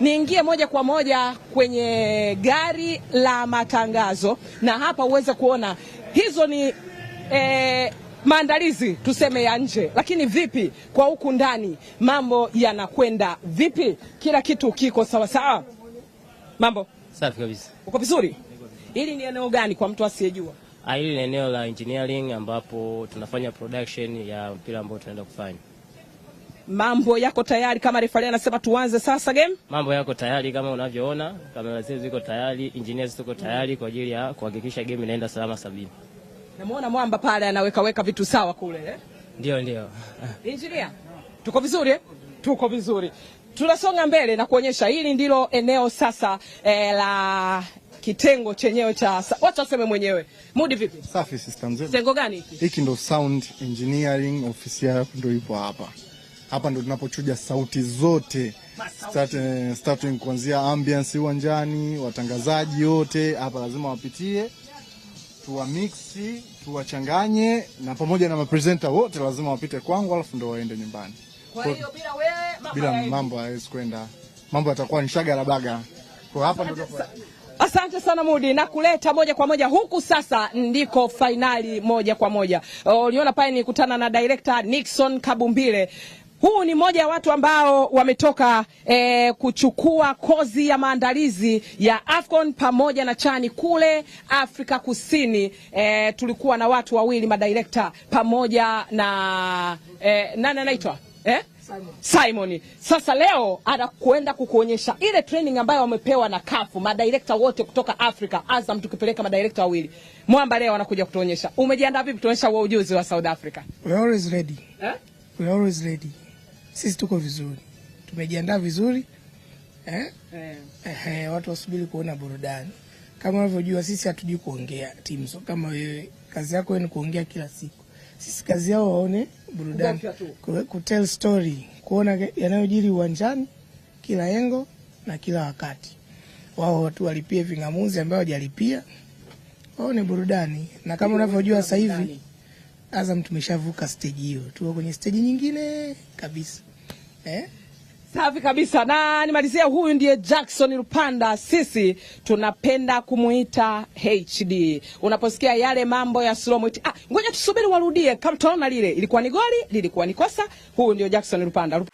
niingie moja kwa moja kwenye gari la matangazo, na hapa uweze kuona hizo ni e, maandalizi tuseme ya nje, lakini vipi kwa huku ndani, mambo yanakwenda vipi? Kila kitu kiko sawa sawa? Mambo safi kabisa, uko vizuri. Hili ni eneo gani kwa mtu asiyejua? Ah, hili ni eneo la engineering ambapo tunafanya production ya mpira ambao tunaenda kufanya Mambo yako tayari kama refari anasema tuanze sasa game? Mambo yako tayari kama unavyoona, kamera zetu ziko tayari, engineers tuko tayari kwa ajili ya kuhakikisha game inaenda salama sabini. Namuona mwamba pale anaweka weka vitu sawa kule eh? Ndio, ndio. Engineer, tuko vizuri eh? Tuko vizuri. Tunasonga mbele na kuonyesha hili ndilo eneo sasa eh, la kitengo chenyewe cha wacha waseme mwenyewe. Mudi vipi? Safi, sister mzee. Kitengo gani hiki? Hiki ndo sound engineering, ofisi yako ndo ipo hapa. Hapa ndo tunapochuja sauti zote eh, starting kuanzia ambiance uwanjani, watangazaji wote hapa lazima wapitie, tuwamixi tuwachanganye na pamoja na mapresenta wote lazima wapite kwangu, alafu ndo waende nyumbani. Kwa hiyo bila wewe, bila mambo hayawezi kwenda, mambo yatakuwa ni shagarabaga. Kwa hapa ndo Asante sana Mudi, na kuleta moja kwa moja huku sasa ndiko fainali moja kwa moja. Oh, uliona pale nikutana na director Nixon Kabumbile. Huu ni mmoja ya watu ambao wametoka e, kuchukua kozi ya maandalizi ya Afcon pamoja na Chani kule Afrika Kusini. E, tulikuwa na watu wawili madirekta pamoja na e, nani anaitwa eh? Simon. Simon. Sasa leo anakwenda kukuonyesha ile training ambayo wamepewa na kafu madirekta wote kutoka Afrika. Azam tukipeleka madirekta wawili, Mwamba leo anakuja kutuonyesha. Umejiandaa vipi kutuonyesha ujuzi wa South Africa? We always ready. Eh? We always ready sisi tuko vizuri, tumejiandaa vizuri eh? Eh, eh, watu wasubiri kuona burudani kama unavyojua sisi hatujui kuongea so kama wewe kazi yako ni kuongea kila siku. Sisi kazi yao waone burudani, kutell story, kuona yanayojiri uwanjani kila engo na kila wakati. Wao watu walipie vingamuzi ambao hawajalipia waone burudani, na kama yaani unavyojua sasa hivi Azam tumeshavuka stage hiyo, tuko kwenye stage nyingine kabisa eh? Safi kabisa, na nimalizia, huyu ndiye Jackson Lupanda, sisi tunapenda kumuita HD. Unaposikia yale mambo ya slow mo, ah, ngoja tusubiri warudie, kama tunaona lile ilikuwa ni goli, lilikuwa ni kosa. Huyu ndio Jackson Lupanda.